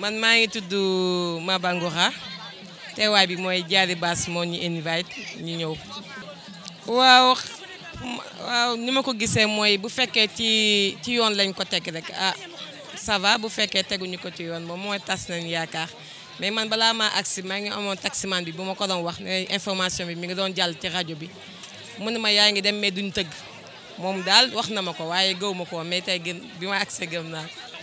man maa ngi tudd Maba Ngouxa teewaay bi mooy Diary Bass moo ñu invite ñu ñëw. waaw ni ma ko gisee mooy bu fekkee ci ci yoon lañ ko teg rek ah ça bu fekkee teguñu ko ci yoon moom mooy tas nañ yaakaar mais man balaa maa agsi maa ngi amoon taximan bi bu ma ko doon wax ne information bi mi ngi doon jàll ci rajo bi mu ne ma yaa ngi dem mais duñ tëgg moom daal wax na ma ko waaye gawuma ko mais tey gën bi ma agsee gëm naa